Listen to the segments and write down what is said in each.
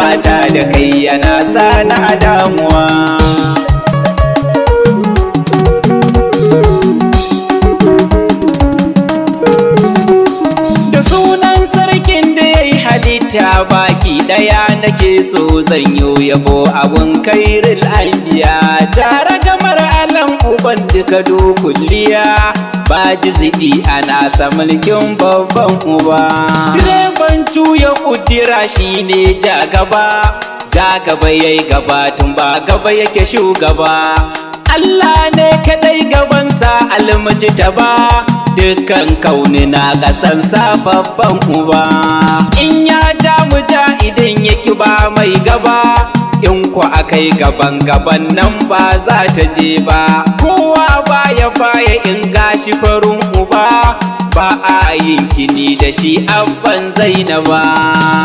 Mata da kai yana sa na damuwa ta baki ɗaya nake so zanyo yabo abun kairin anbiya tare gamar alam uban duka kulliya ba jiziɗi ana sa mulkin babban uba direban ya kudira shine ja gaba ja gaba yayi gaba tun ba gaba yake shugaba Allah ne kaɗai gabansa ba. dukkan kauni na ga san babban uba in ya ja mu ja idan yake ba mai gaba in ku akai gaban gaban nan ba za ta je ba kowa baya baya in gashi farin uba ba a yin kini da shi abban zainaba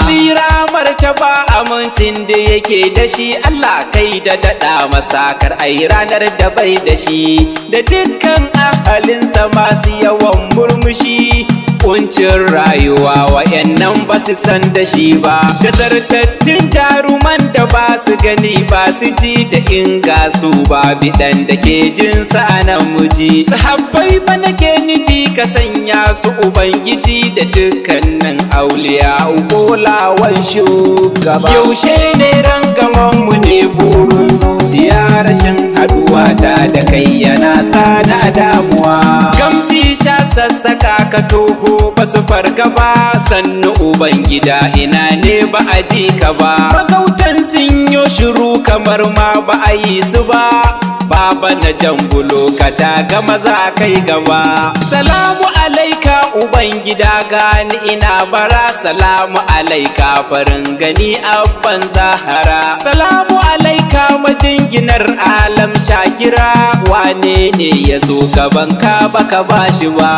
tsira martaba amincin da yake da shi Allah kai da daɗa masakar ai ranar da bai da shi da dukkan ahalinsa masu yawan murmushi Ƙuncin rayuwa wayannan ba su san da shi ba gazartattun taruman da ba su gani ba su ji da inga su ba bidan da ke jin sa na muji sahabbai ba nake nufi ka sanya su ubangiji da dukkanin auliya ukulawan shugaba yaushe ne gaban mu ne burin zuciya rashin haduwa ta da kai yana sa na damuwa sassaka ka toho ba su farka ba sannu ubangida ina ne ba a ji ka ba magautan sun yi shiru kamar ma ba a yi su ba baba na jambulo ka ta gama za kai gaba salamu alaika ubangida gani ina bara salamu alaika farin gani abban zahara salamu Ginar alam shakira wane ne ya zo gaban ka baka bashi ba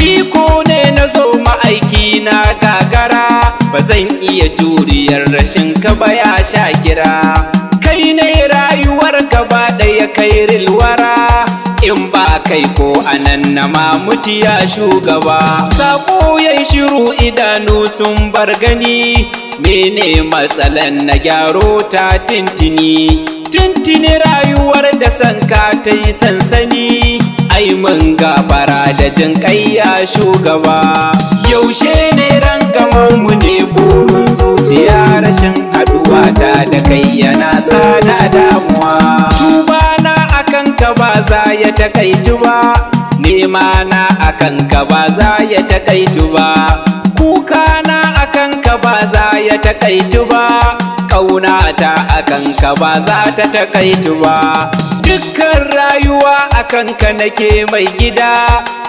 biko ne na zo ma'aiki na gagara ba zan iya juriyar rashin ka ba ya shakira kai ne rayuwar ka ba ya kai rilwara in ba kai ko anan na mamuti ya shugaba sabo ya shiru idanu sun bar gani mene matsalan na gyaro ta tintini tuntuni rayuwar da sanka ta yi sansani ai mun gafara da jin ƙayya shugaba yaushe ne ran mu ne burin zuciya rashin haɗuwa ta da kai yana na damuwa tuba na akan ka ba za ya takaitu ba nema na akan ka ba za ya takaitu ba kuka na akan ka ba za ya takaitu ba ƙauna ta akan ka ba za ta takaitu ba dukkan rayuwa akan ka nake mai gida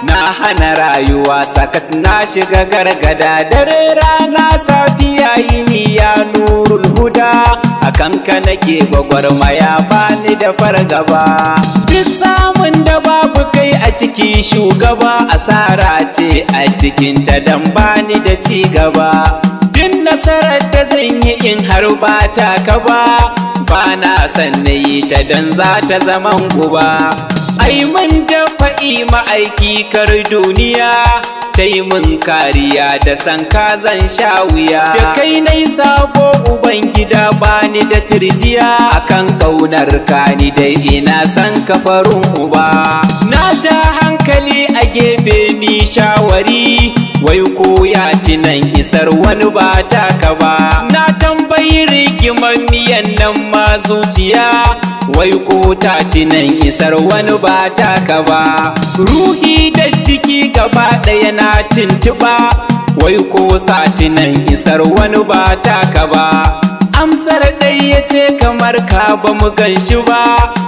na hana rayuwa sakat na shiga gargada dare rana safiya yini ya nurul huda akan ka nake gwagwarmaya bani da fargaba duk samun da babu kai a ciki shugaba asara ce a cikinta dan bani da ci gaba Yin nasarar da zan yi in har ba ta ka ba ba na san na yi ta don za ta zaman guba ai mun dafa ima aiki kar duniya ta yi mun kariya da san zan sha wuya da kai nai sabo ubangida bani da tirjiya akan kaunar ka ni dai ina san ka uba na ja hankali a gefe mi shawari wai ko ya tinan isar wani ba taka ba na tambayi rigiman miyan nan ma zuciya wai ko ta tinan isar wani ba taka ba ruhi da jiki gaba ɗaya na tuntuɓa wai ko satinan tinan isar wani ba taka ba amsar dai ya ce kamar ka ba mu gan shi ba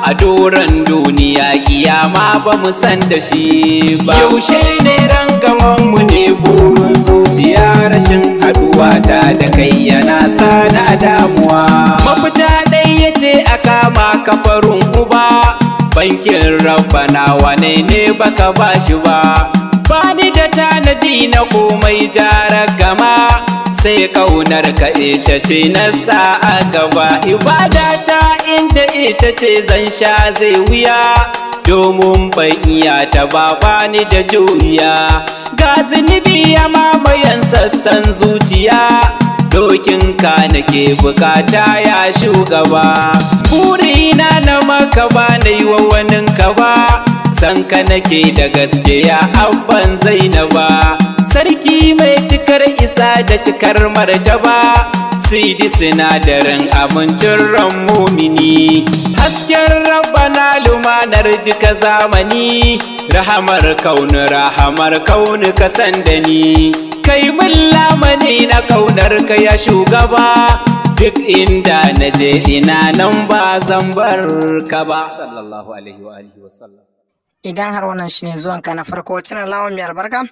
a doron duniya kiyama ba mu san da shi ba yaushe ne rangaman mu ne burin zuciya rashin haduwa ta da kai yana sa na damuwa mafita dama kafarun uba bankin rabbana wane ne baka shi ba bani da tanadi na komai jara gama sai kaunar ka ita ce na sa a gaba ibadata inda ita ce zan sha zai wuya domin ban iya ta ba bani da juriya ga zunubi ya mamayan sassan zuciya dokin ka nake bukata ya shugaba ka ba na yi wa ka ba san ka nake da gaskiya abban zainaba sarki mai cikar isa da cikar martaba sidi sinadarin abincin ran mumini hasken na lumanar duka zamani rahamar kauni, rahamar kauni, ka sandani kai mun lamani na kaunar ka ya shugaba duk inda na je ina nan ba zan bar ka ba sallallahu alaihi wa alihi wa sallam idan har wannan shine zuwan ka na farko tana lawan mai albarka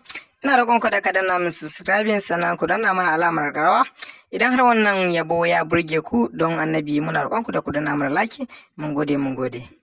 ina roƙon ku da ka danna min subscribing sannan ku danna mana alamar rawa. idan har wannan yabo ya burge ku don annabi muna roƙon ku da ku danna mana like mun gode mun gode